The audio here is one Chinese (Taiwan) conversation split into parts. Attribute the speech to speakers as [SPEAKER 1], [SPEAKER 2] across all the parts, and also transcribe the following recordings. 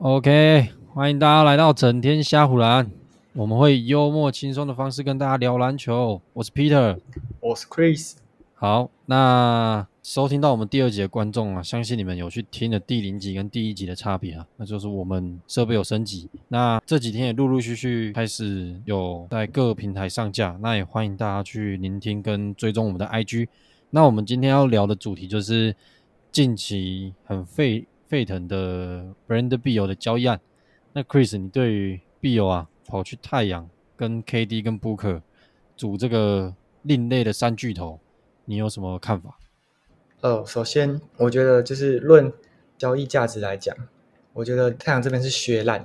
[SPEAKER 1] OK，歡迎大家來到整天蝦唬籃。我們會以幽默輕鬆的方式跟大家聊籃球。我是 Peter，我是 Chris。好，那收聽到我們第二集的觀眾啊，相信你們有去聽了第零集跟第一集的差別啊，那就是我們設備有升級。那這幾天也陸陸續續開始有在各個平台上架，那也歡迎大家去聆聽跟追蹤我們的 IG。那我們今天要聊的主題就是近期很費。沸騰的 Bradley Beal 的交易案，那 Chris，你對於 Beal 啊跑去太陽跟 KD 跟 Booker 組這個另類的三巨頭，你有什麼看法？
[SPEAKER 2] 哦、呃，首先我覺得就是論交易價值來講，我覺得太陽這邊是削爛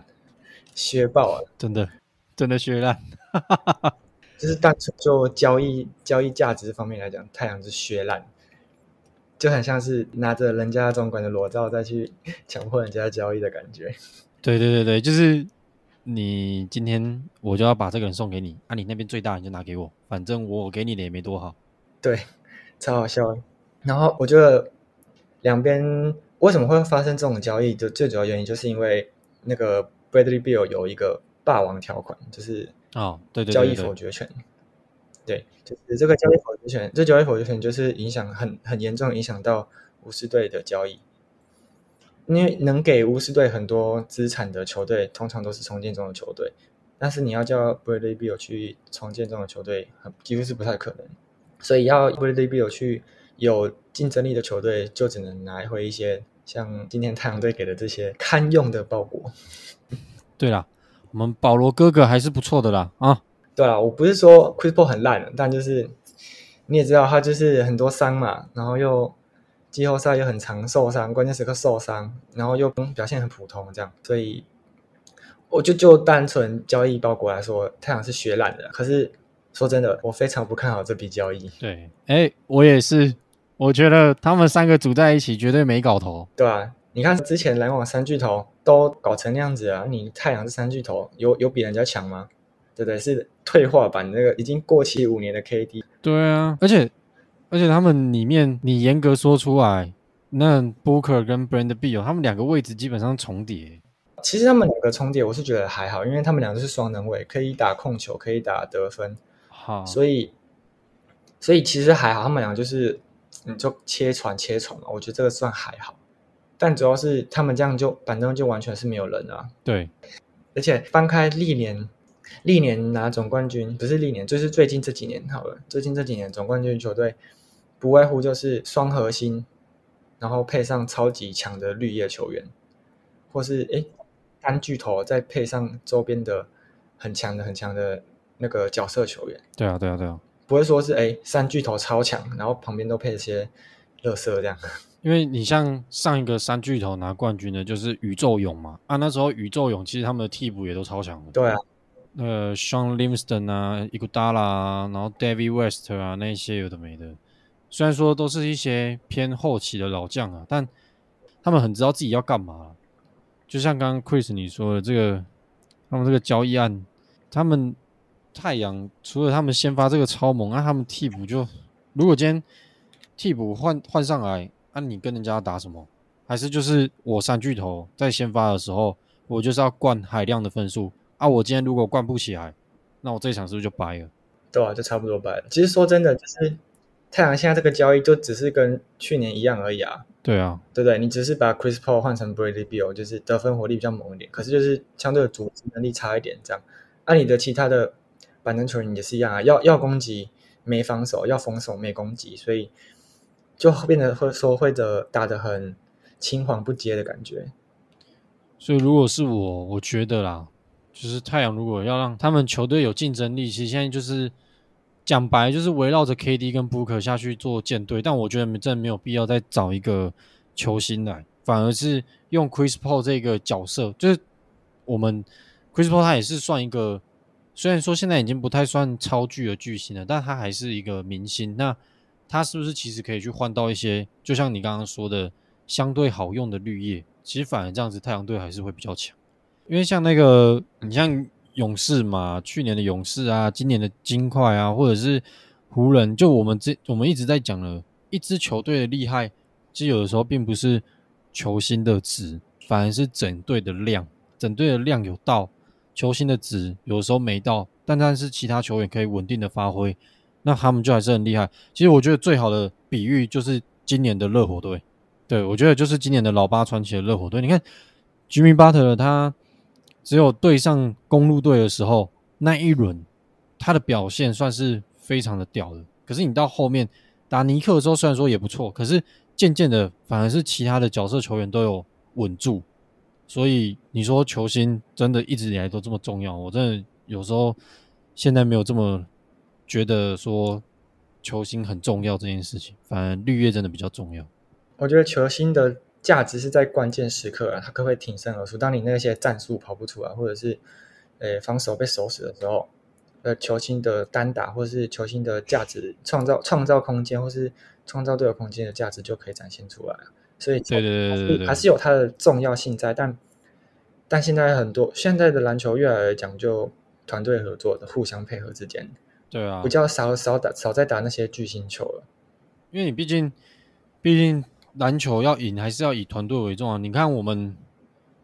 [SPEAKER 2] 削爆啊，真的真的削爛，哈哈哈哈。就是單純就交易交易價值方面來講，太陽是削爛。就很像是拿着人家總管的裸照再去強迫人家交易的感覺。
[SPEAKER 1] 對對對對，就是你今天我就要把這個人送給你，啊，你那邊最大你就拿給我，反正我給你的也沒多好。對，超好笑。
[SPEAKER 2] 然後我覺得兩邊為什麼會發生這種交易，就最主要原因就是因為那個 Bradley Beal 有一個霸王條款，就是哦，
[SPEAKER 1] 對對對，交易否決
[SPEAKER 2] 權。哦對對對對對對，就是這個交易否決權，這交易否決權就是影響很很嚴重影響到巫師隊的交易，因為能給巫師隊很多資產的球隊，通常都是重建中的球隊，但是你要叫 Bradley Beal 去重建中的球隊，很幾乎是不太可能，所以要 Bradley Beal 去有競爭力的球隊，就只能拿回一些像今天太陽隊給的這些堪用的包
[SPEAKER 1] 裹。對啦，我們保羅哥哥還是不錯的啦，啊。
[SPEAKER 2] 對啊，我不是說 Chris Paul 很爛，但就是你也知道，它就是很多傷嘛，然後又季後賽又很常受傷，關鍵時刻受傷，然後又表現很普通這樣，所以我就就單純交易包裹來說，太陽是血爛的。可是說真的，我非常不看好這筆交易。
[SPEAKER 1] 對，哎，我也是，我覺得他們三個組在一起絕對沒搞頭。
[SPEAKER 2] 對啊，你看之前籃網三巨頭都搞成那樣子了、啊，你太陽是三巨頭，有有比人家強嗎？對對，是退化版那個已經過期五年的 KD。
[SPEAKER 1] 對啊，而且而且他們裡面，你嚴格說出來，那 Booker 跟 Bradley Beal、哦、他們兩個位置基本上重疊。
[SPEAKER 2] 其實他們兩個重疊，我是覺得還好，因為他們兩個是雙能位，可以打控球，可以打得分。好，所以所以其實還好，他們兩個就是你就切傳切傳嘛，我覺得這個算還好。但主要是他們這樣就反正就完全是沒有人了、啊。對，而且翻開歷年。歷年拿總冠軍不是歷年，就是最近這幾年好了。最近這幾年總冠軍球隊，不外乎就是雙核心，然後配上超級強的綠葉球員，或是誒、欸、三巨頭，再配上周邊的很強的很強的那個角色球員。
[SPEAKER 1] 對啊，對啊，對啊，
[SPEAKER 2] 不會說是誒、欸、三巨頭超強，然後旁邊都配一些樂色這樣。
[SPEAKER 1] 因為你像上一個三巨頭拿冠軍的，就是宇宙勇嘛啊，那時候宇宙勇其實他們的替補也都超強的。對啊。呃，Sean Livingston 啊 Iguodala 啊，然後 David West 啊，那一些有的沒的，雖然說都是一些偏後期的老將啊，但他們很知道自己要幹嘛、啊。就像剛剛 Chris 你說的這個，他們這個交易案，他們太陽除了他們先發這個超猛，那、啊、他們替補就如果今天替補換換上來，那、啊、你跟人家打什麼？還是就是我三巨頭在先發的時候，我就是要灌海量的分數。那、啊、我今天如果灌不起來，那我這一場是不是就掰了？對啊，就差不多掰
[SPEAKER 2] 了。其實說真的，就是太陽現在這個交易就只是跟去年一樣而已啊。
[SPEAKER 1] 對啊，對不
[SPEAKER 2] 對，對？你只是把 Chris Paul 換成 Bradley Beal，就是得分火力比較猛一點，可是就是相對的組織能力差一點這樣。那、啊、你的其他的板凳球員也是一樣啊，要要攻擊沒防守，要防守沒攻擊，所以就變得會說會的打的很青黃不接的感覺。
[SPEAKER 1] 所以如果是我，我覺得啦。就是太陽如果要讓他們球隊有競爭力，其實現在就是講白，就是圍繞着 KD 跟 Booker 下去做建隊。但我覺得真的沒有必要再找一個球星來，反而是用 Chris Paul 這個角色，就是我們 Chris Paul 他也是算一個，雖然說現在已經不太算超巨的巨星了，但他還是一個明星。那他是不是其實可以去換到一些，就像你剛剛說的，相對好用的綠葉？其實反而這樣子，太陽隊還是會比較強。因為像那個，你像勇士嘛，去年的勇士啊，今年的金塊啊，或者是湖人，就我們這我們一直在講了，一支球隊的厲害，其實有的時候並不是球星的值，反而是整隊的量，整隊的量有到，球星的值有的時候沒到，但但是其他球員可以穩定的發揮，那他們就還是很厲害。其實我覺得最好的比喻就是今年的熱火隊，對，我覺得就是今年的老八傳奇的熱火隊，你看吉米巴特他。只有對上公路隊的時候，那一輪他的表現算是非常的屌的。可是你到後面打尼克的時候，雖然說也不錯，可是漸漸的反而是其他的角色球員都有穩住。所以你說球星真的一直以來都這麼重要？我真的有時候現在沒有這麼覺得說球星很重要這件事情。反而綠葉真的比較重要。
[SPEAKER 2] 我覺得球星的。價值是在關鍵時刻啊，他可不可以挺身而出？當你那些戰術跑不出來，或者是呃防守被守死的時候，呃球星的單打或是球星的價值創造創造空間，或是創造隊友空間的價值就可以展現出來。所以，對對對對，還是有它的重要性在。但但現在很多現在的籃球越來越講究團隊合作的，互相配合之間，對啊，比較少少打少在打那些巨星球了，
[SPEAKER 1] 因為你畢竟畢竟。籃球要贏還是要以團隊為重啊？你看我們，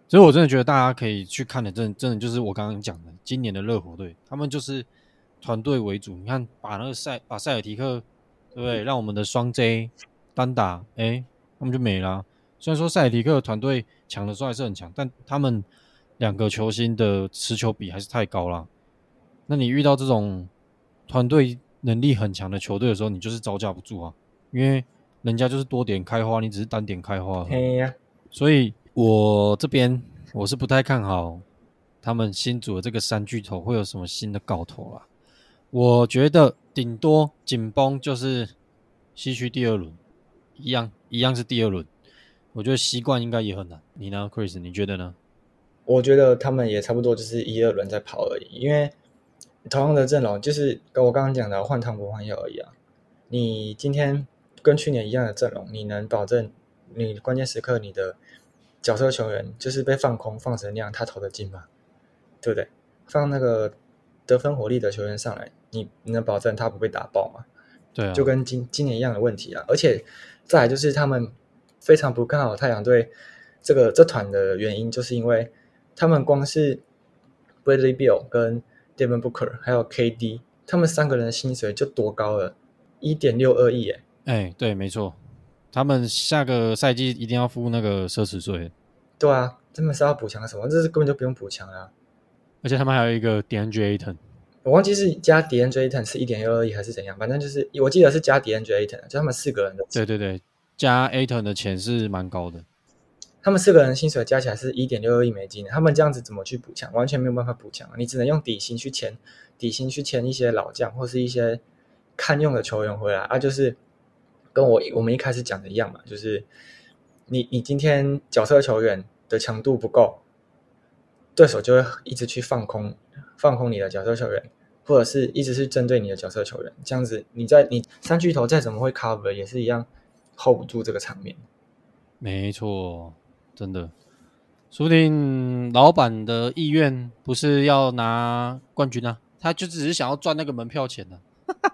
[SPEAKER 1] 所以我真的覺得大家可以去看的，真真的就是我剛剛講的，今年的熱火隊，他們就是團隊為主。你看，把那個塞把塞爾提克，對不對？讓我們的雙 J 單打，哎、欸，他們就沒了、啊。雖然說塞爾提克的團隊強的時候還是很強，但他們兩個球星的持球比還是太高了。那你遇到這種團隊能力很強的球隊的時候，你就是招架不住啊，因為。人家就是多點開花，你只是單點開花。呀，Hey, yeah. 所以我這邊我是不太看好他們新組的這個三巨頭會有什麼新的搞頭啊？我覺得頂多緊繃就是西區第二輪，一樣一樣是第二輪。我覺得西冠應該也很難。你呢，Chris？你覺得呢？
[SPEAKER 2] 我覺得他們也差不多就是
[SPEAKER 1] 一二輪在跑而已，
[SPEAKER 2] 因為同樣的陣容，就是跟我剛剛講的換湯不換藥而已啊。你今天。跟去年一樣的陣容，你能保證你關鍵時刻你的角色球員就是被放空放成那樣，他投得進嗎？對不對？放那個得分火力的球員上來，你你能保證他不被打爆嗎？對、啊，就跟今今年一樣的問題啊！而且再來就是他們非常不看好太陽隊這個這團的原因，就是因為他們光是 Bradley Beal 跟 Devin Booker 還有 KD，他們三個人的薪水就多高了，一點六二億誒。
[SPEAKER 1] 哎，對，沒錯，他們下個賽季一定要付那個奢侈稅。
[SPEAKER 2] 對啊，他們是要補強什麼？這是根本就不用補強啊！
[SPEAKER 1] 而且他們還有一個 DeAndre Ayton，
[SPEAKER 2] 我忘記是加 DeAndre Ayton 是一點六二億還是怎樣，反正就是我記得是加 DeAndre Ayton，就他們四個人的。
[SPEAKER 1] 對對對，加 Ayton 的錢是蠻高的，
[SPEAKER 2] 他們四個人的薪水加起來是一點六二億美金，他們這樣子怎麼去補強？完全沒有辦法補強啊，你只能用底薪去簽底薪去簽一些老將或是一些堪用的球員回來，啊，就是。跟我我們一開始講的一樣嘛，就是你你今天角色球員的強度不夠，對手就會一直去放空放空你的角色球員，或者是一直是針對你的角色球員，這樣子，你在你三巨頭再怎麼會 cover 也是一樣 hold 不住
[SPEAKER 1] 這個場面。沒錯，真的。說不定老闆的意願不是要拿冠軍啊，他就只是想要賺那個門
[SPEAKER 2] 票錢呢、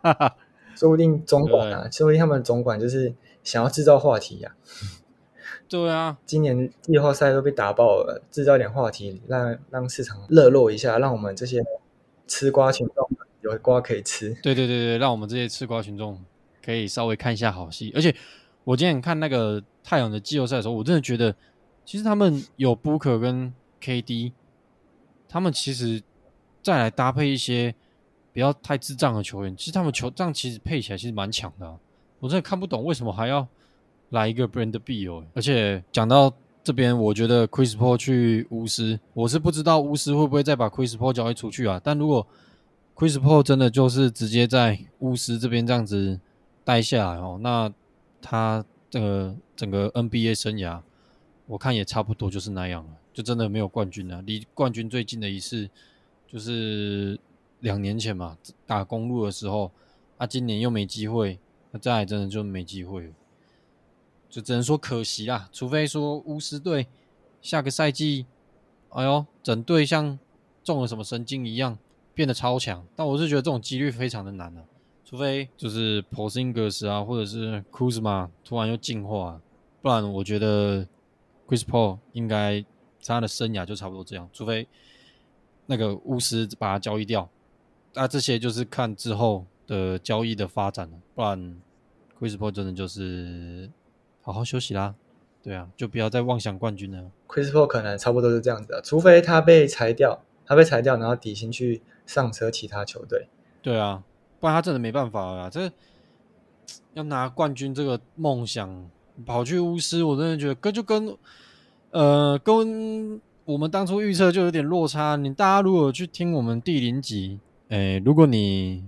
[SPEAKER 2] 啊。 說不定總管啊，對說不定他們總管就是想要制造話題呀、啊。對啊，今年季後賽都被打爆了，制造點話題，讓讓市場熱絡一下，讓我們這些吃瓜群眾有瓜可以
[SPEAKER 1] 吃。對對對對，讓我們這些吃瓜群眾可以稍微看一下好戲。 而且我今天看那個太陽的季後賽的時候，我真的覺得，其實他們有 Booker 跟 KD，他們其實再來搭配一些。不要太智障的球員，其實他們球這樣其實配起來其實蠻強的、啊，我真的看不懂為什麼還要來一個 Brand B 哦欸。而且講到這邊，我覺得 Chris Paul 去巫師，我是不知道巫師會不會再把 Chris Paul 交易出去啊？但如果 Chris Paul 真的就是直接在巫師這邊這樣子待下來哦，那他這個整個 NBA 生涯，我看也差不多就是那樣了，就真的沒有冠軍了、啊，離冠軍最近的一次就是。兩年前嘛，打公鹿的時候，啊，今年又沒機會，那、啊、再真的就沒機會了，就只能說可惜啊。除非說巫師隊下個賽季，哎呦，整隊像中了什麼神經一樣變得超強，但我是覺得這種幾率非常的難了、啊。除非就是 Porzingis 啊，或者是 Kuzma 突然又進化、啊，不然我覺得 Chris Paul 應該他的生涯就差不多這樣，除非那個巫師把他交易掉。啊，這些就是看之後的交易的發展了，不然 Chris Paul 真的就是好好休息啦。對啊，就不要再妄想冠軍了。Chris Paul 可能差不多都是這樣子，除
[SPEAKER 2] 非他被裁掉，他被裁掉，然後底薪去上車其他球隊。對啊，
[SPEAKER 1] 不然他真的沒辦法了啦。這要拿冠軍這個夢想，跑去巫師，我真的覺得跟就跟呃跟我們當初預測就有點落差。你大家如果去聽我們第零集。誒、欸，如果你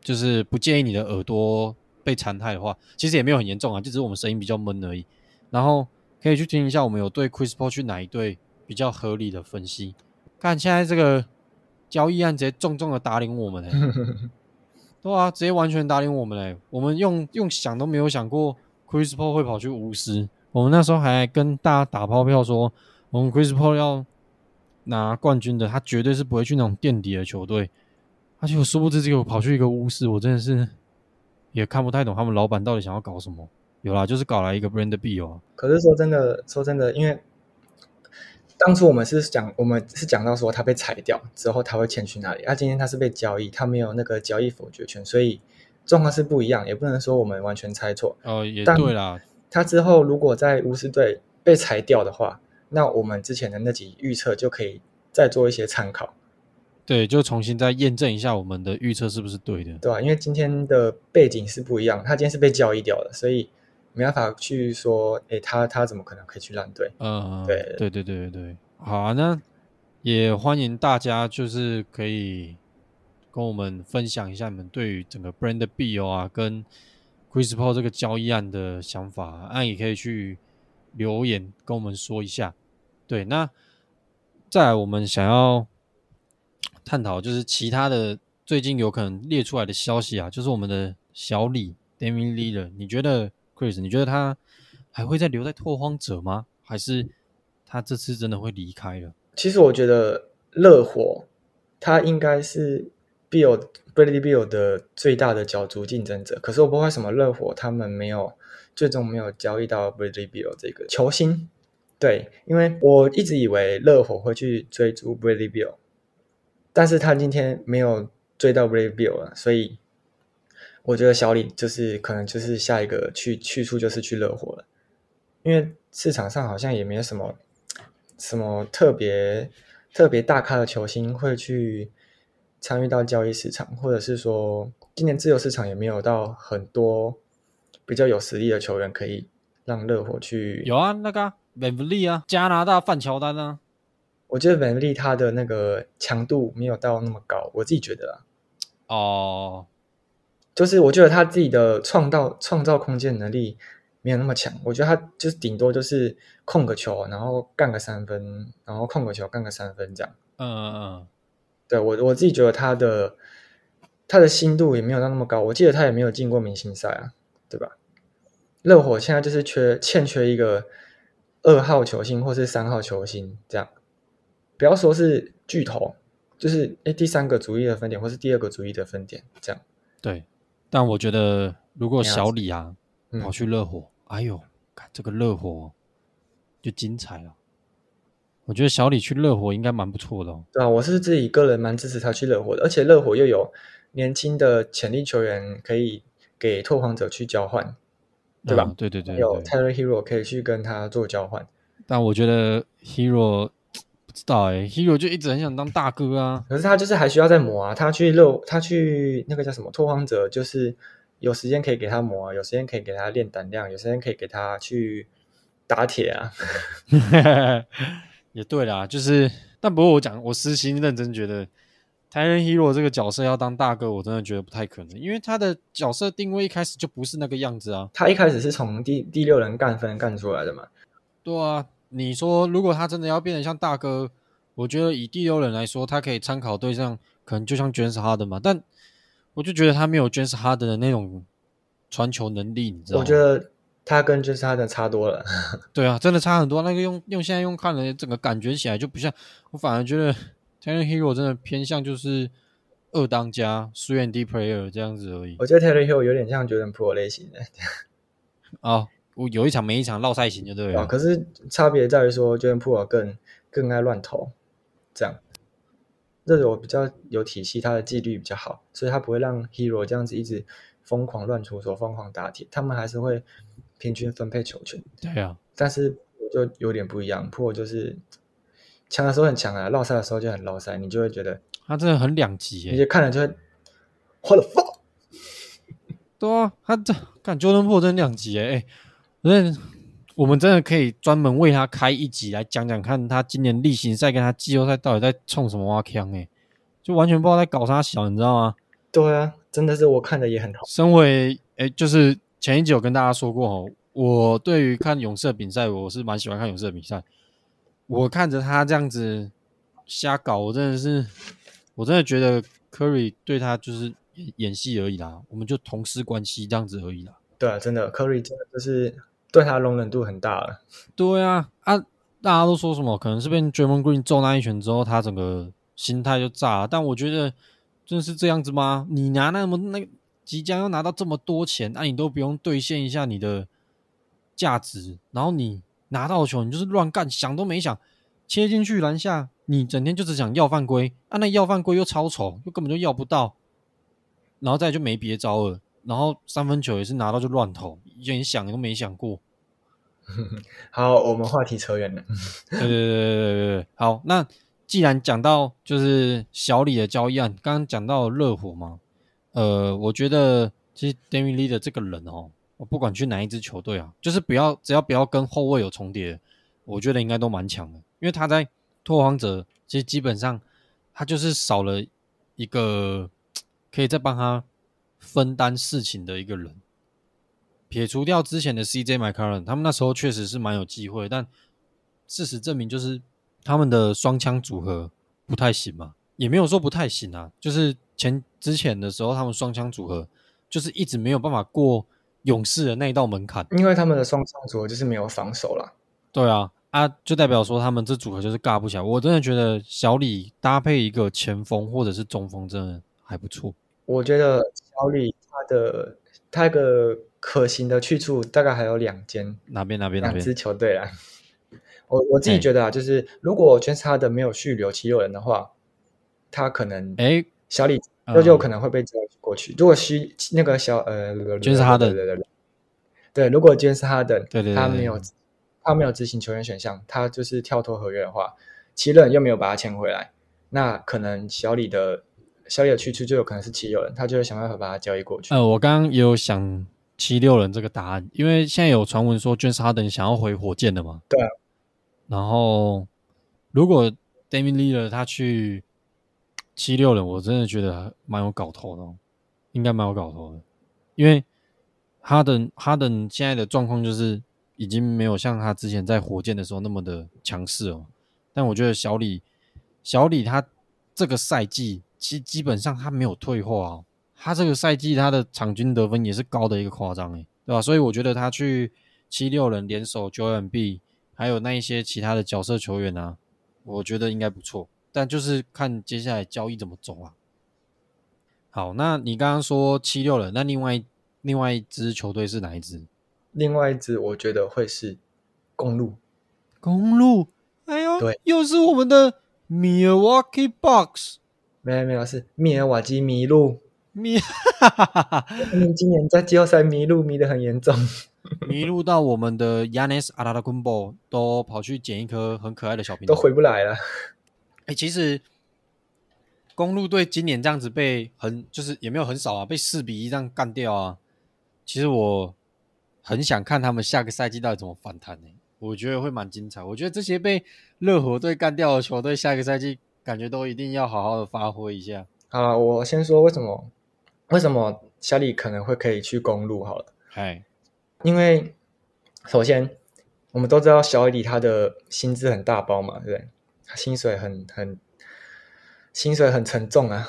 [SPEAKER 1] 就是不介意你的耳朵被殘害的話，其實也沒有很嚴重啊，就只是我們聲音比較悶而已。然後可以去聽一下，我們有對 Chris Paul 去哪一隊比較合理的分析。看現在這個交易案直接重重的打臉我們、欸，對啊，直接完全打臉我們嘞、欸！我們用用想都沒有想過 Chris Paul 會跑去巫師，我們那時候還跟大家打包票說，我們 Chris Paul 要拿冠軍的，他絕對是不會去那種墊底的球隊。而且、啊、我殊不知，這個我跑去一個巫師，我真的是也看不太懂他們老板到底想要搞什麼。有啦，就是搞來一個 Brand B 哦、啊。
[SPEAKER 2] 可是說真的，說真的，因為當初我們是講，我們是講到說他被裁掉之後他會簽去哪裡。而、啊、今天他是被交易，他沒有那個交易否決權，所以狀況是不一樣，也不能說我們完全猜錯。
[SPEAKER 1] 哦、呃，也對啦。
[SPEAKER 2] 他之後如果在巫師隊被裁掉的話，那我們之前的那集預測
[SPEAKER 1] 就可以再做一些參考。對，就重新再驗證一下我們的預測是不是對的，對啊，
[SPEAKER 2] 因為今天的背景是不一樣，他今天是被交易掉的，所以沒辦法去說，誒，他他怎麼可能可以去爛隊？嗯，
[SPEAKER 1] 對，對對對對對。好啊，那也歡迎大家就是可以跟我們分享一下你們對於整個 Bradley Beal 啊跟 Chris Paul 這個交易案的想法啊，那也可以去留言跟我們說一下。對，那在我們想要。探討就是其他的最近有可能列出來的消息啊，就是我們的小李 Damian Lillard），你覺得 Chris？你覺得他還會再留在拓荒者嗎？還是他這次真的會離開了？
[SPEAKER 2] 其實我覺得熱火他應該是 Beal Bradley Beal 的最大的角逐競爭者，可是我不知道為什麼熱火，他們沒有最終沒有交易到 Bradley Beal 這個球星，對，因為我一直以為熱火會去追逐 Bradley Beal。但是他今天沒有追到 Bradley Beal 了，所以我覺得小李就是可能就是下一個去去處就是去熱火了，因為市場上好像也沒有什麼什麼特別特別大咖的球星會去參與到交易市場，或者是說今年自由市場也沒有到很多比較有實力的球員可以讓熱火去。
[SPEAKER 1] 有啊，那個貝弗利啊，加拿大范喬丹啊。我
[SPEAKER 2] 覺得能力他的那個強度沒有到那麼高，我自己覺得啊。哦，oh. 就是我覺得他自己的創造創造空間能力沒有那麼強。我覺得他就是頂多就是控個球，然後幹個三分，然後控個球，幹個三分這樣。嗯
[SPEAKER 1] 嗯
[SPEAKER 2] 嗯，uh. 對我我自己覺得他的他的新度也沒有到那麼高。我記得他也沒有進過明星賽啊，對吧？熱火現在就是缺欠缺一個二號球星或是三號球星這樣。不要說是巨頭，就是哎，第三個主力的分點，或是第二個主力的分點，
[SPEAKER 1] 這樣。對，但我覺得如果小李啊跑去熱火，嗯、哎呦，這個熱火就精彩了。我覺得小李去熱火應該蠻不錯的哦，
[SPEAKER 2] 對啊，我是自己個人蠻
[SPEAKER 1] 支持他去熱火的，而且熱火又有年輕
[SPEAKER 2] 的潛力球員可以給拓荒者去交換，
[SPEAKER 1] 嗯、對吧？對對，對對對，有
[SPEAKER 2] Tyler Herro 可以去跟他做交換。
[SPEAKER 1] 但我覺得 Herro。知道誒、欸、
[SPEAKER 2] Hero 就一直很想當大哥啊。可是他就是還需要再磨啊。他去熱，他去那個叫什麼拓荒者，就是有時間可以給他磨啊，有時間可以給他練膽量，有時間可以給他
[SPEAKER 1] 去打鐵啊。 也對啦，就是，但不過我講，我私心認真覺得，台人 Hero 這個角色要當大哥，我真的覺得不太可能，因為他的角色定位一開始就不是那個樣子啊。他一開始是
[SPEAKER 2] 從第第六
[SPEAKER 1] 人幹分幹出來的嘛。對啊。你說，如果他真的要變得像大哥，我覺得以第六人來說，他可以參考對象可能就像 James Harden 嘛。但我就覺得他沒有 James Harden 的那種傳球能力，你知道嗎？我覺得他跟 James Harden 差多了。 對啊，真的差很多。那個用用現在用看的整個感覺起來就不像。我反而覺得 Tyler Herro 真的偏向就是二當家、3 and D Player 這樣子而已。我
[SPEAKER 2] 覺得 Tyler Herro 有點像 Jordan
[SPEAKER 1] Poole 類型的。哦。 Oh. 我有一場沒一場烙賽型就對了、啊、可
[SPEAKER 2] 是差別在於說，就是普爾更更愛亂投，這樣，那種、個、比較有體系，他的紀律比較好，所以他不會讓 hero 這樣子一直瘋狂亂出手、瘋狂打鐵，他們還是會平均分配球權。對啊，但是就有點不一樣，普爾就是強的時候很強啊，烙賽的時候就很烙賽，你就會覺得
[SPEAKER 1] 他真的很兩極、欸、你就看了就
[SPEAKER 2] 會 what the fuck，
[SPEAKER 1] 對、 啊、他這看 Jordan 普爾真兩極哎。欸我們真的可以專門為他開一集來講講，看他今年例行賽跟他季後賽到底在衝什麼挖槍哎，就完全不知道在搞啥小，你知道嗎？
[SPEAKER 2] 對啊，真的是我看着也很好。
[SPEAKER 1] 身為哎、欸，就是前一集有跟大家說過哦，我對於看勇士的比賽，我是蠻喜歡看勇士的比賽。我看着他這樣子瞎搞，我真的是，我真的覺得科瑞對他就是演戲而已啦，我們就同事關係這樣子而已啦。對啊，真的科瑞真的就是。對他容忍度很大了。對啊啊！大家都說什麼？可能是被 Draymond Green 揍那一拳之後，他整個心態就炸了。但我覺得真的是這樣子嗎？你拿那麼那個、即將要拿到這麼多錢啊，你都不用兌現一下你的價值，然後你拿到的球，你就是亂幹，想都沒想，切進去籃下，你整天就只想要犯規啊，那要犯規又超醜，又根本就要不到，然後再就沒別招了。然後三分球也是拿到就亂投，以前想都沒想過。 好，我們話題扯遠了。 對對對對對對，好，那既然講到就是小李的交易案，剛剛講到熱火嘛。呃，我覺得其實 Dame Lillard 的這個人哦，不管去哪一支球隊啊，就是不要，只要不要跟後衛有重疊，我覺得應該都蠻強的，因為他在拓荒者其實基本上他就是少了一個可以再幫他。分擔事情的一個人，撇除掉之前的 CJ McCollum，他們那時候確實是蠻有機會，但事實證明就是他們的雙槍組合不太行嘛，嗯、也沒有說不太行啊，就是前之前的時候他們雙槍組合就是一直沒有辦法過勇士的那一道門檻，因為他們的雙槍
[SPEAKER 2] 組合就是沒有防守啦。
[SPEAKER 1] 對啊，啊就代表說他們這組合就是尬不起來。我真的覺得小李搭配一個前鋒或者是中鋒真的還不錯，
[SPEAKER 2] 我覺得。小李他的他的個可行的去處大概還有兩間，
[SPEAKER 1] 哪邊哪邊哪邊支
[SPEAKER 2] 球隊啊？ 我我自己覺得啊，欸、就是如果 James Harden 沒有續留76人的話，他可能誒，小李那、欸、就，就可能會被招過去。呃、如果是那個小呃，James Harden 對對對，對，如果 James Harden 對他沒有他沒有執行球員選項，他就是跳脫合約的話，76、嗯、人又沒有把他簽回來，那可能小李的。小李去去就有可能是七六人，他就想辦法把他交易過
[SPEAKER 1] 去。呃，我剛剛也有想七六人這個答案，因為現在有傳聞說，James Harden 想要回火箭的嘛？對啊。然後，如果 Damian Lillard 他去七六人，我真的覺得蠻有搞頭的，應該蠻有搞頭的，因為哈登哈登現在的狀況就是已經沒有像他之前在火箭的時候那麼的強勢哦。但我覺得小李小李他這個賽季。其基本上他沒有退化哦、啊，他這個賽季他的場均得分也是高的一個誇張誒，對吧？所以我覺得他去七六人聯手 Joel Embiid 還有那一些其他的角色球員啊，我覺得應該不錯，但就是看接下來交易怎麼走啊。好，那你剛剛說七六人，那另外另外一支球隊是哪一支？另外一支我覺
[SPEAKER 2] 得會是公鹿，公鹿，哎呦，對，又是我們的 Milwaukee Bucks。沒沒有事，是密爾瓦基迷路，你今年在季後賽迷路迷得很嚴重，
[SPEAKER 1] 迷路 到我們的亞尼斯阿拉拉昆博都跑去撿一顆很可愛的小蘋果，都回不來了。哎、欸，其實公鹿隊今年這樣子被很就是也沒有很少啊，被四比一這樣幹掉啊。其實我很想看他們下個賽季到底怎麼反彈呢、欸？我覺得會蠻精彩。我覺得這些被熱火隊幹掉的球隊，下個賽季。感覺都一定要好好的發揮一下
[SPEAKER 2] 啊！我先說，為什麼？為什麼小李可能會可以去公鹿？好了，嗨、哎，因為首先我們都知道小李他的薪資很大包嘛，對，他薪水很很薪水很沉重啊，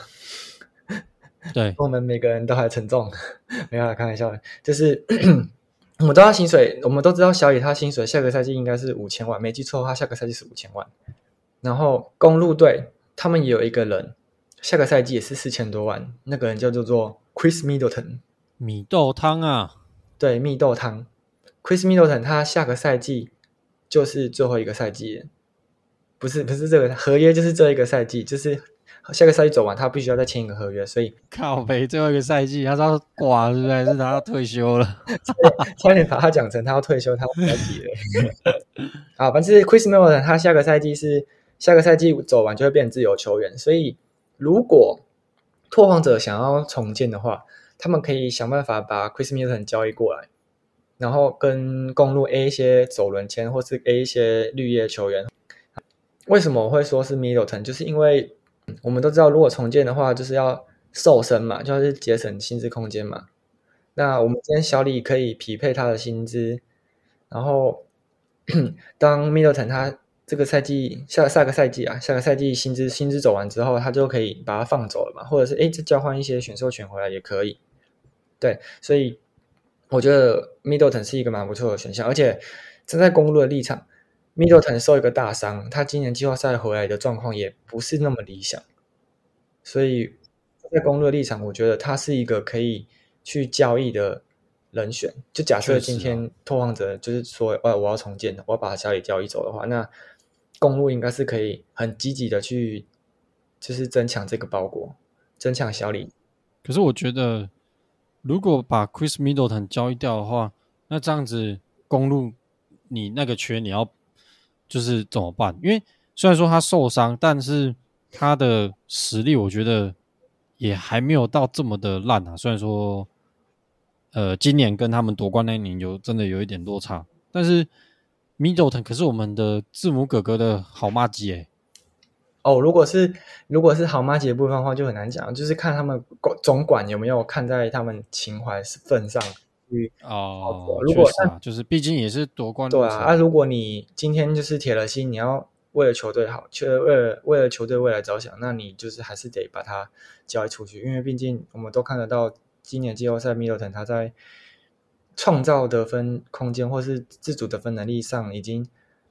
[SPEAKER 2] 對， 我們每個人都還沉重， 沒辦法，開玩笑的，就是 我們都要薪水，我們都知道小李他薪水下個賽季應該是五千萬，沒記錯的話，下個賽季是五千萬。然後公鹿隊他們也有一個人，下個賽季也是四千多萬。那個人叫做做 Chris Middleton 米豆湯啊，對，蜜豆湯 Chris Middleton 他下個賽季就是最後一個賽季，不是不是這個合約就是這一個賽季，就是下個賽季走完他必須要再簽一個合約。所以靠北最後一個賽季，他是要掛是不是？ 是他要退休了？差點把他講成他要退休，他要不要急了。 好，反正 Chris Middleton 他下個賽季是。下個賽季走完就會變自由球員，所以如果拓荒者想要重建的話，他們可以想辦法把 Chris Middleton 交易過來，然後跟公鹿 A 一些首輪籤，或是 A 一些綠葉球員。為什麼我會說是 Middleton？就是因為我們都知道，如果重建的話，就是要瘦身嘛，就是節省薪資空間嘛。那我們今天小李可以匹配他的薪資，然後 當 Middleton 他。這個賽季下下個賽季啊，下個賽季薪資薪資走完之後，他就可以把他放走了嘛，或者是哎，再、欸、交換一些選秀權回來也可以。對，所以我覺得 Middleton 是一個蠻不錯的選項，而且站在公鹿的立場，Middleton 受一個大傷，他今年季後賽回來的狀況也不是那麼理想，所以在公鹿的立場，我覺得他是一個可以去交易的人選。就假設今天拓荒者就是說，哦、啊哎，我要重建，我要把小李交易走的話，那公鹿應該是可以很積極的去，就是爭搶這個包裹，爭搶小李。
[SPEAKER 1] 可是我覺得，如果把 Chris Middleton 交易掉的話，那這樣子公鹿你那個缺你要就是怎麼辦？因為雖然說他受傷，但是他的實力我覺得也還沒有到這麼的爛啊。雖然說，呃，今年跟他們奪冠那一年有真的有一點落差，但是。Middleton 可是我們的字母哥哥的好麻吉、欸，
[SPEAKER 2] 哦，如果是如果是好麻吉部分的話，就很難講，就是看他們總管有沒有看在他們情懷份上去哦。如果是，啊、但就是，畢竟也是奪冠對啊啊！如果你今天就是鐵了心，你要為了球隊好，卻為了為了為了球隊未來着想，那你就是還是得把他交易出去，因為畢竟我們都看得到今年季後賽 Middleton 他在。創造得分空間或是自主得分能力上已經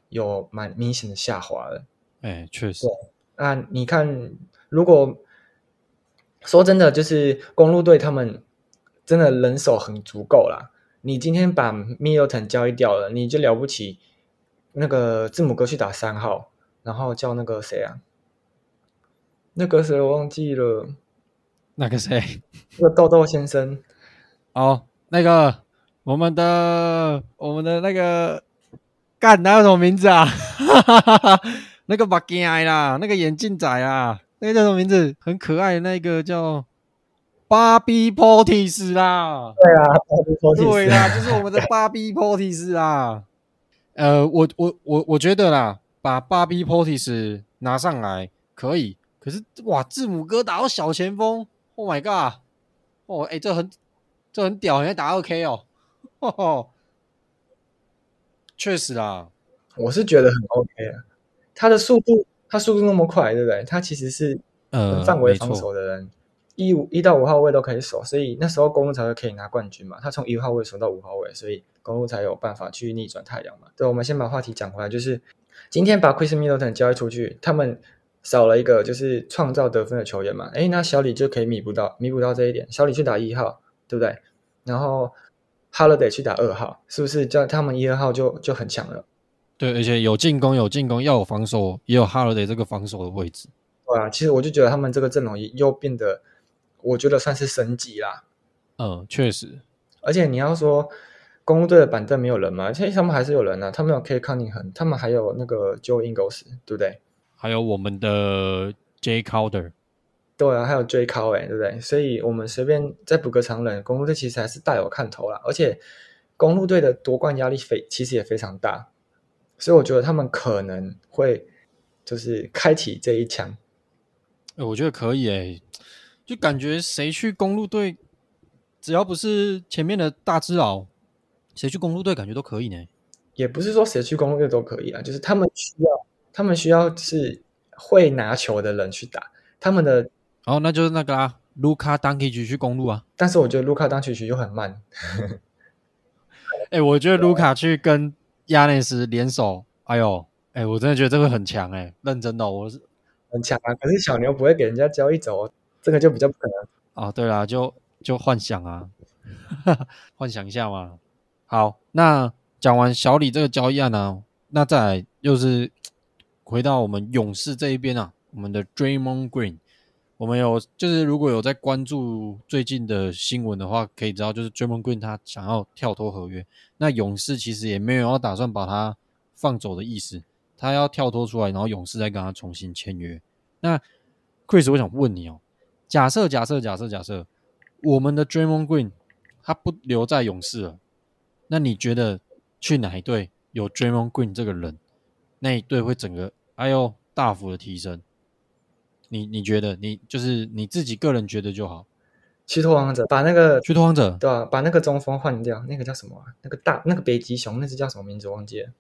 [SPEAKER 2] 有蠻明顯的下滑了。哎，確實。那你看，如果說真的就是公鹿隊，他們真的人手很足夠啦。你今天把 Middleton 交易掉了，你就了不起。那個字母哥去打三號，然後叫那個誰啊？那個誰我忘記了。那個誰？那個豆豆
[SPEAKER 1] 先生。哦，那個。我們的我們的那個幹，哪有什麼名字啊？哈哈哈哈，那個把劍啦，那個眼鏡仔啊，那個叫什麼名字？很可愛的那個叫 Bobby Portis 啦。對啊，對啊，就是我們的 Bobby Portis 啦。呃，我我我我覺得啦，把 Bobby Portis 拿上來可以，可是哇，字母哥打到小前鋒，Oh my God！哦，誒、欸，這很這很屌，人家打二 K 哦。哦哈，確、oh, 實啊，
[SPEAKER 2] 我是覺得很 OK 啊。
[SPEAKER 1] 他的速度，他速度那麼
[SPEAKER 2] 快，對不對？他其實是範圍防守的人，呃、一五一到五號位都可以守，所以那時候公鹿才會可以拿冠軍嘛。他從一號位守到五號位，所以公鹿才有辦法去逆轉太陽嘛。對，我們先把話題講回來，就是今天把 Chris Middleton 交易出去，他們少了一個就是創造得分的球員嘛。哎、欸，那小李就可以彌補到彌補到這一點，小李去打一號，對不對？然後。Holiday 去打二號，是不是？叫他們一、二號就就很強了。
[SPEAKER 1] 對，而且有進攻，有進攻，要有防守，也有 Holiday 這個防守的位置。
[SPEAKER 2] 哇、啊，其實我就覺得他們這個陣容又變得，我覺得算是升級啦。
[SPEAKER 1] 嗯，確實。
[SPEAKER 2] 而且你要說，公鹿隊的板凳沒有人嗎？其實他們還是有人啊，他們有 Connaughton, 他們還有那個 Joe Ingles，對不對？
[SPEAKER 1] 還有我們的 Jae Crowder。
[SPEAKER 2] 對啊，還有追考哎，對不對？所以我們隨便再補個長人公鹿隊，其實還是大有看頭啦。而且公鹿隊的奪冠壓力非其實也非常大，所以我覺得他們可能會就是開啟這一
[SPEAKER 1] 槍。哎、欸，我覺得可以哎、欸，就感覺誰去公鹿隊，只要不是前面的大隻佬，誰去公鹿隊感覺都可以呢。也不是說誰去公鹿隊都可以啊，就是他們需要，他們需要是會
[SPEAKER 2] 拿球的人去打他們的。哦，那就是那個啊，盧卡東契奇去公鹿啊，但
[SPEAKER 1] 是我覺得盧卡東契奇就很慢。哎、欸，我覺得盧卡去跟亞內斯聯手，嗯、哎呦，哎、欸，我真的覺得這個很強哎、欸，認真的、哦，我是
[SPEAKER 2] 很強啊。可是小牛不會給人家交易走，這個就比較不可能。
[SPEAKER 1] 哦，對啦、啊，就就幻想啊， 幻想一下嘛。好，那講完小李這個交易案呢、啊，那再來又是回到我們勇士這一邊啊，我們的 Draymond Green。我們有，就是如果有在關注最近的新聞的話，可以知道，就是追夢綠他想要跳脫合約，那勇士其實也沒有要打算把他放走的意思，他要跳脫出來，然後勇士再跟他重新簽約。那 Chris，我想問你哦，假設假設假設假設，我們的追夢綠他不留在勇士了，那你覺得去哪一隊有追夢綠這個人，那一隊會整個哎呦大幅的提升？你你覺得，你就是你自己個人覺得就好。去頭王者把那個巨頭王者
[SPEAKER 2] 對、啊、把那個中鋒換掉，那個叫什麼、啊？那個大那個北極熊那隻叫什麼名字？我忘記了。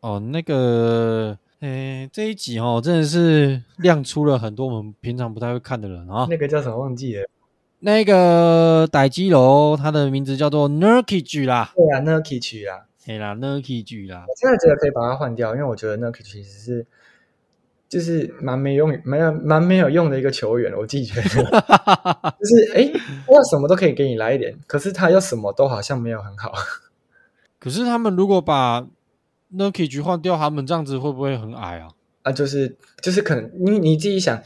[SPEAKER 1] 哦，那個，哎、欸，這一集哦，真的是亮出了很多我們平常不太會看的人啊。
[SPEAKER 2] 那個叫什麼忘記了？
[SPEAKER 1] 那個逮基樓，他的名字叫做 Nurkic 啦。對啊，Nurkic 啊。Ic, 啦對啦 Nurkic
[SPEAKER 2] 啦。我現在覺得可以把它換掉，因為我覺得 Nurkic 其實是。就是蠻沒用，蠻有蠻沒有用的一個球員，我自己覺得， 就是哎、欸，他要什麼都可以給你來一點，可是他要什麼都好像沒有很好。可是他們如果把 Nurkic 換掉，他們這樣子會不會很矮啊？啊，就是就是可能，你你自己想，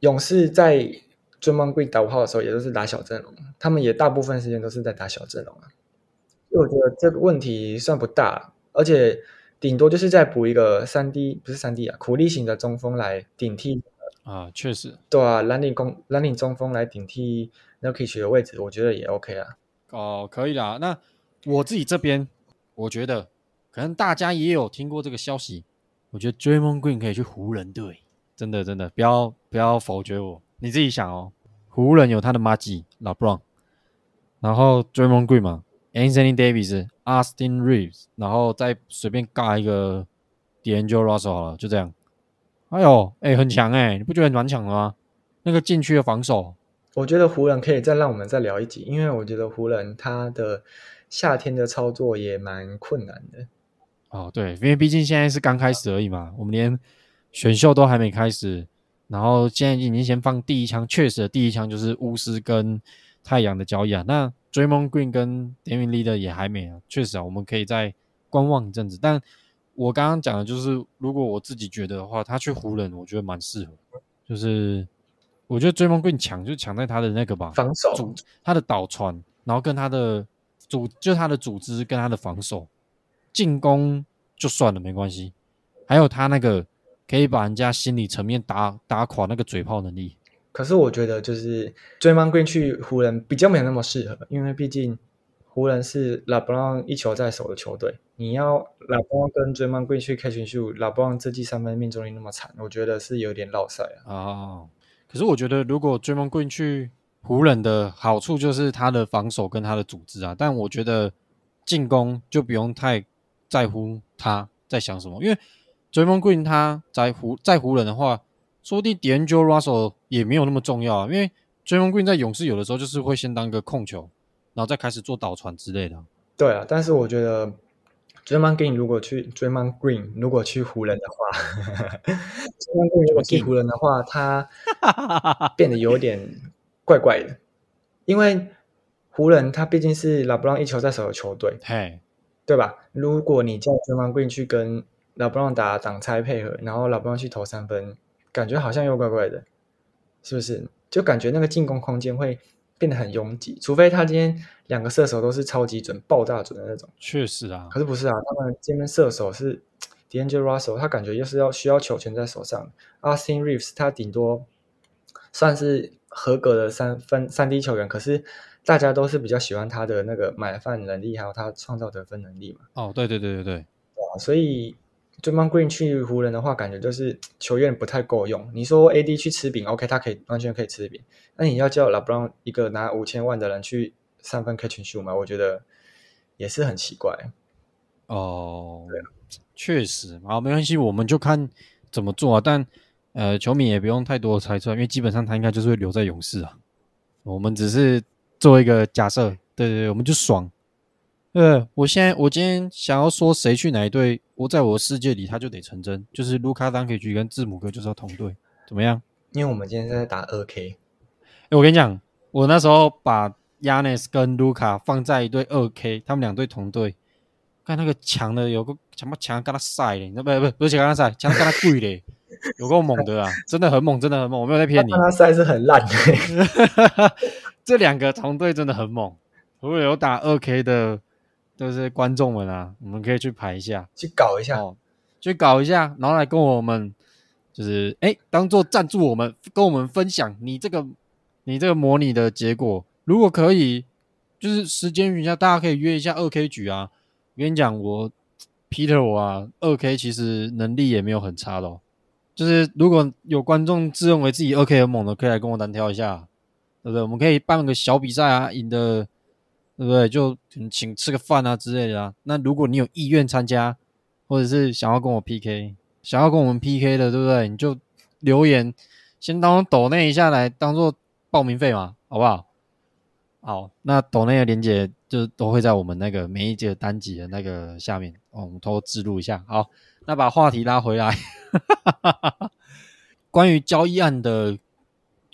[SPEAKER 2] 勇士在追夢貴打五號的時候，也都是打小陣容，他們也大部分時間都是在打小陣容啊，所以我覺得這個問題算不大，而且。頂多就是在補一個三 D，不是三 D 啊，苦力型的中鋒來頂替啊，確實，對啊，藍領工藍領中鋒來頂替那個 Nurkic 的位置，
[SPEAKER 1] 我覺得也 OK 啊。哦，可以啦，那我自己這邊，我覺得可能大家也有聽過這個消息。我覺得追夢綠可以去湖人隊，真的真的，不要不要否決我。你自己想哦，湖人有他的麻吉 LeBron，然後追夢綠嘛。Anthony Davis、Austin Reeves，然後再隨便尬一個 D'Angelo Russell 好了，就這樣。哎呦，哎、欸，很強哎、欸，你不覺得軟強嗎？那個禁區的防守，
[SPEAKER 2] 我覺得湖人可以再讓我們再聊一集，因為我覺得湖人他的夏天的操作也蠻困難的。
[SPEAKER 1] 哦，對，因為畢竟現在是剛開始而已嘛，啊、我們連選秀都還沒開始，然後現在已經先放第一槍，確實第一槍就是巫師跟。太陽的交易啊，那追夢格林跟 Lillard 的也還沒啊，確實啊，我們可以再觀望一陣子。但我剛剛講的就是，如果我自己覺得的話，他去湖人，我覺得蠻適合。就是我覺得追夢格林強，就強在他的那個吧，防守、他的導傳，然後跟他的組，就他的組織跟他的防守，進攻就算了沒關係。還有他那個可以把人家心理層面打打垮那個嘴炮能力。
[SPEAKER 2] 可是我覺得，就是追夢 a 去湖人比較沒那麼適合，因為畢竟湖人是拉布朗一球在手的球隊，你要拉布朗跟追夢 a 去開選秀，拉布朗這季三分命中率那麼慘，我覺得是有點
[SPEAKER 1] 老塞啊。啊、哦，可是我覺得如果追夢 a 去湖人的好處就是他的防守跟他的組織啊，但我覺得進攻就不用太在乎他在想什麼，因為追夢 a 他在湖在湖人的話。說到底 D'Angelo Russell 也沒有那麼重要，因為 Draymond Green 在勇士有的時候就是會先當一個控球，然後再開始做導傳之類的。對啊，但是我覺得 Draymond
[SPEAKER 2] Green 如果去 Draymond Green 如果去湖人的話 Draymond Green 如果去湖人的話，他變得有點怪怪的， 因為湖人他畢竟是勒布朗一球在手的球隊，嘿，Hey. 對吧？如果你叫 Draymond Green 去跟勒布朗打擋拆配合，然後勒布朗去投三分。感覺好像又怪怪的，是不是？就感覺那個進攻空間會變得很擁擠，除非他今天兩個射手都是超級準、爆炸準的那種。確實啊，可是不是啊？他們這邊射手是 d i n r u s s e l l，他感覺又是要需要球權在手上。Austin、啊、Reeves 他頂多算是合格的三分三 D 球員，可是大家都是比較喜歡他的那個買飯能力，還有他創造得分能力嘛。
[SPEAKER 1] 哦，對對對對對，
[SPEAKER 2] 所以。嘴綠 Green 去湖人的話，感覺就是球員不太夠用。你說 A D 去吃餅，OK，他可以完全可以吃餅。那你要叫拉布朗一個拿五千萬的人去三分 catch and shoot 嗎？我覺得也是很奇怪。哦、
[SPEAKER 1] 呃，對，確實啊，沒關係，我們就看怎麼做、啊。但呃，球迷也不用太多的猜測，因為基本上他應該就是會留在勇士啊。我們只是做一個假設，對對，對，我們就爽。呃，我現在我今天想要說誰去哪一隊，我在我的世界裡他就得成真，就是盧卡東契奇跟字母哥就是要同隊，怎麼樣？
[SPEAKER 2] 因為我們今天是在打二 K。哎，
[SPEAKER 1] 我跟你講，我那時候把亞納斯跟盧卡放在一隊二 K，他們兩隊同隊，看那個牆的有個什麼牆，看他曬的，不不不是看他曬，看他跪的，有夠猛的啊，真的很猛，真的很猛，我沒有在騙你。看他曬是很爛的。 這兩個同隊真的很猛，如果有打二 K 的。就是觀眾們啊，我們可以去排一下，去搞一下，哦，去搞一下，然後來跟我們就是哎，當做贊助我們，跟我們分享你這個你這個模擬的結果。如果可以，就是時間允許下，大家可以約一下二 K 局啊。我跟你講，我 Peter 我啊，二 K 其實能力也沒有很差的，哦。就是如果有觀眾自認為自己二 K 很猛的，可以來跟我單挑一下，對不對？我們可以辦個小比賽啊，贏的。對不對？就請吃個飯啊之類的啊。那如果你有意願參加，或者是想要跟我 PK，想要跟我們 PK 的，對不對？你就留言，先當抖內一下來當做報名費嘛，好不好？好，那抖內的鏈接就都會在我們那個每一節單集的那個下面，哦、我們偷偷置入一下。好，那把話題拉回來，哈哈。關於交易案的。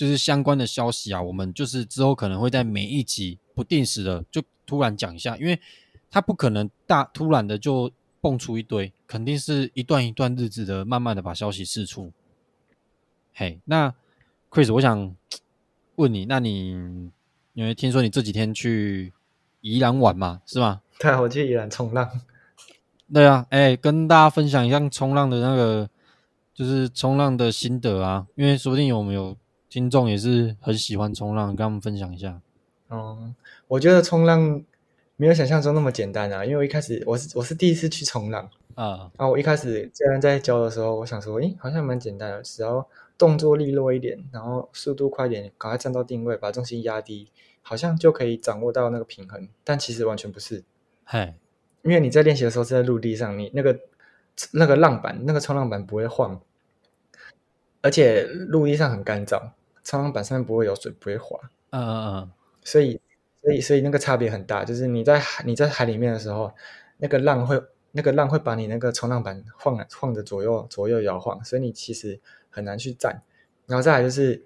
[SPEAKER 1] 就是相關的消息啊，我們就是之後可能會在每一集不定時的就突然講一下，因為它不可能大突然的就蹦出一堆，肯定是一段一段日子的慢慢的把消息釋出。嘿、hey，那 Chris，我想問你，那你因為聽說你這幾天去宜蘭玩嘛，是嗎？對，
[SPEAKER 2] 我去宜蘭衝浪。
[SPEAKER 1] 對啊，哎、欸，跟大家分享一下衝浪的那個就是衝浪的心得啊，因為說不定我們有沒有，聽眾也是很喜歡衝浪，跟我們分享一下。嗯，
[SPEAKER 2] 我覺得衝浪沒有想象中那麼簡單啊！因為我一開始我是我是第一次去衝浪、嗯、啊，然後我一開始教練在教的時候，我想說，哎，好像蠻簡單的，只要動作利落一點，然後速度快一點，趕快站到定位，把重心壓低，好像就可以掌握到那個平衡。但其實完全不是，嘿，因為你在練習的時候是在陸地上，你那個那個浪板那個衝浪板不會晃，而且陸地上很乾燥。衝浪板上面不會有水，不會滑。嗯嗯嗯。所以，所以，所以那個差別很大，就是你在你在海裡面的時候，那個浪會，那個浪會把你那個衝浪板晃晃著左右左右搖晃，所以你其實很難去站。然後再來就是，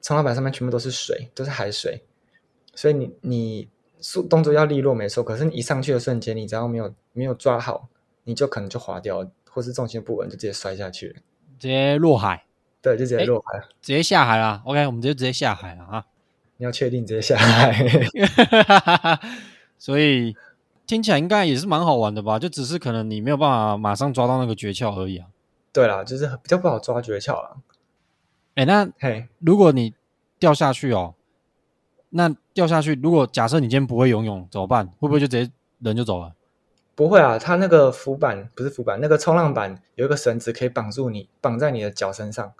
[SPEAKER 2] 衝浪板上面全部都是水，都是海水，所以你你速動作要利落沒錯，可是你一上去的瞬間，你只要沒有沒有抓好，你就可能就滑掉，或是重心不穩就直接摔下去了，直
[SPEAKER 1] 接落海。對，
[SPEAKER 2] 就直接落海，
[SPEAKER 1] 欸，直接下海啦。OK，我們就直接下海了啊，哈。你要確定直接下海，哈哈哈。所以聽起來應該也是蠻好玩的吧？就只是可能你沒有辦法馬上抓到那個訣竅而已啊。對啦，就是比較不好抓訣竅啦。哎，欸，那如果你掉下去哦，嘿那掉下去，如果假設你今天不會游泳，泳怎麼辦？會不會就直接人就走了？不會啊，它那個浮
[SPEAKER 2] 板不是浮板，那個衝浪板有一個繩子可以綁住你，綁在你的腳身上。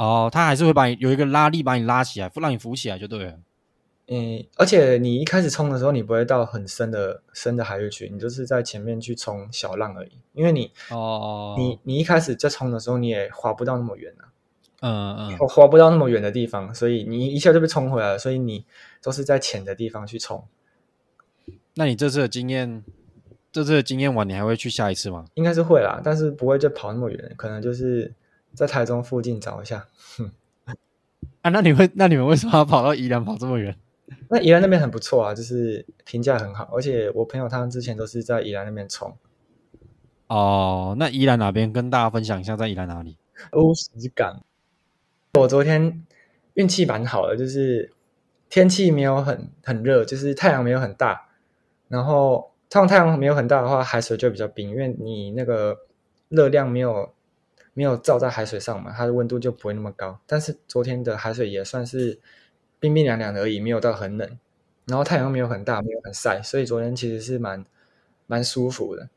[SPEAKER 2] 哦，oh, 他還是會把你有一個拉力，把你拉起來，不讓你浮起來就對了。嗯，而且你一開始衝的時候，你不會到很深的深的海域去，你就是在前面去衝小浪而已。因為你
[SPEAKER 1] 哦，oh.
[SPEAKER 2] 你你一開始在衝的時候，你也划不到那麼遠啊。嗯嗯，划划不到那麼遠的地方，所以你一下就被衝回來了。所以你都是在淺的地方去衝。
[SPEAKER 1] 那你這次的經驗，這次的經驗完，你還會去下一次嗎？
[SPEAKER 2] 應該是會啦，但是不會就跑那麼遠，可能就是。在台中附近找一下，
[SPEAKER 1] 哼啊，那你們那你們為什麼要跑到宜蘭跑這麼遠？
[SPEAKER 2] 那宜蘭那邊很不錯啊，就是評價很好，而且我朋友他們之前都是在宜蘭那邊衝。
[SPEAKER 1] 哦，那宜蘭哪邊？跟大家分享一下，在宜蘭哪裡？烏石港。
[SPEAKER 2] 我昨天運氣蠻好的，就是天氣沒有很很熱，就是太陽沒有很大。然後像太陽沒有很大的話，海水就比較冰，因為你那個熱量沒有。沒有照在海水上嘛，它的溫度就不會那麼高。但是昨天的海水也算是冰冰涼涼的而已，沒有到很冷。然後太陽沒有很大，沒有很曬，所以昨天其實是蠻蠻舒服的。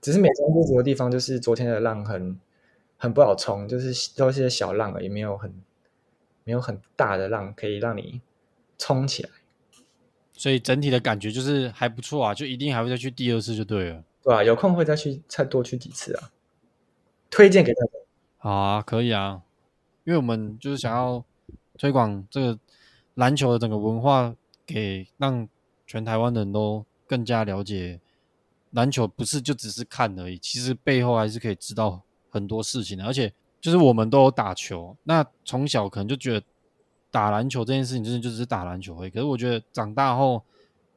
[SPEAKER 2] 只是美中不足的地方就是昨天的浪很很不好衝，就是都是些小浪而已，沒有很沒有很大的浪可以讓你衝起來。
[SPEAKER 1] 所以整體的感覺就是還不錯啊，就一定還會再去第二次就對了。對啊，有空
[SPEAKER 2] 會再去再多去幾次啊。推薦給他
[SPEAKER 1] 們，好啊，可以啊，因為我們就是想要推廣這個籃球的整個文化給，給讓全台灣的人都更加了解籃球，不是就只是看而已，其實背後還是可以知道很多事情的啊。而且就是我們都有打球，那從小可能就覺得打籃球這件事情真的就只是就是打籃球而已，可是我覺得長大後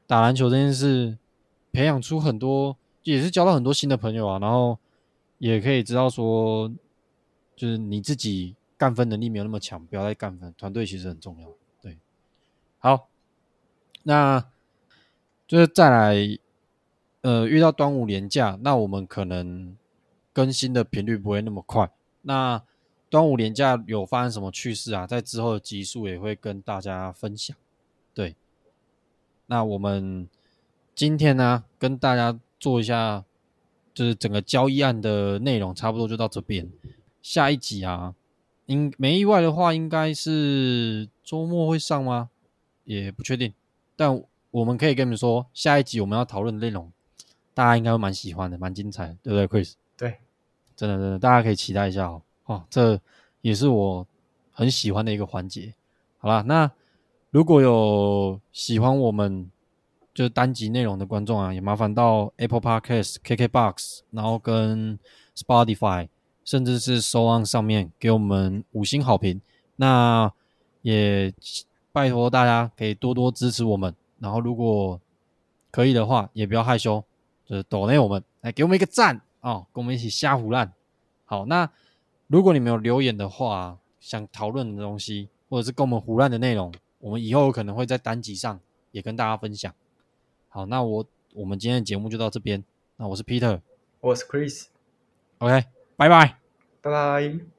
[SPEAKER 1] 打籃球這件事培養出很多，也是交到很多新的朋友啊，然後。也可以知道說，就是你自己干分能力沒有那麼強，不要再幹分。團隊其實很重要，對。好，那就是再來，呃，遇到端午連假，那我們可能更新的頻率不會那麼快。那端午連假有發生什麼趣事啊？在之後的集數也會跟大家分享。對。那我們今天呢，啊，跟大家做一下。就是整個交易案的內容差不多就到這邊，下一集啊，應沒意外的話，應該是週末會上嗎？也不確定，但我們可以跟你們說，下一集我們要討論的內容，大家應該會蠻喜歡的，蠻精彩的，對不對，Chris？對，真的真的，大家可以期待一下哦哦，啊，這也是我很喜歡的一個環節。好啦，那如果有喜歡我們，就是單集內容的觀眾啊，也麻煩到 Apple Podcast、KK Box，然後跟 Spotify，甚至是 SoundOn 上面給我們五星好評。那也拜托大家可以多多支持我們。然後如果可以的話，也不要害羞，就是抖內我們來給我們一個讚啊、哦，跟我們一起蝦唬籃。好，那如果你沒有留言的話，想討論的東西，或者是跟我們唬爛的內容，我們以後可能會在單集上也跟大家分享。好，那我我們今天的節目就到這邊。那我是 Peter，我是 Chris。OK，拜拜，拜拜。
[SPEAKER 2] Bye.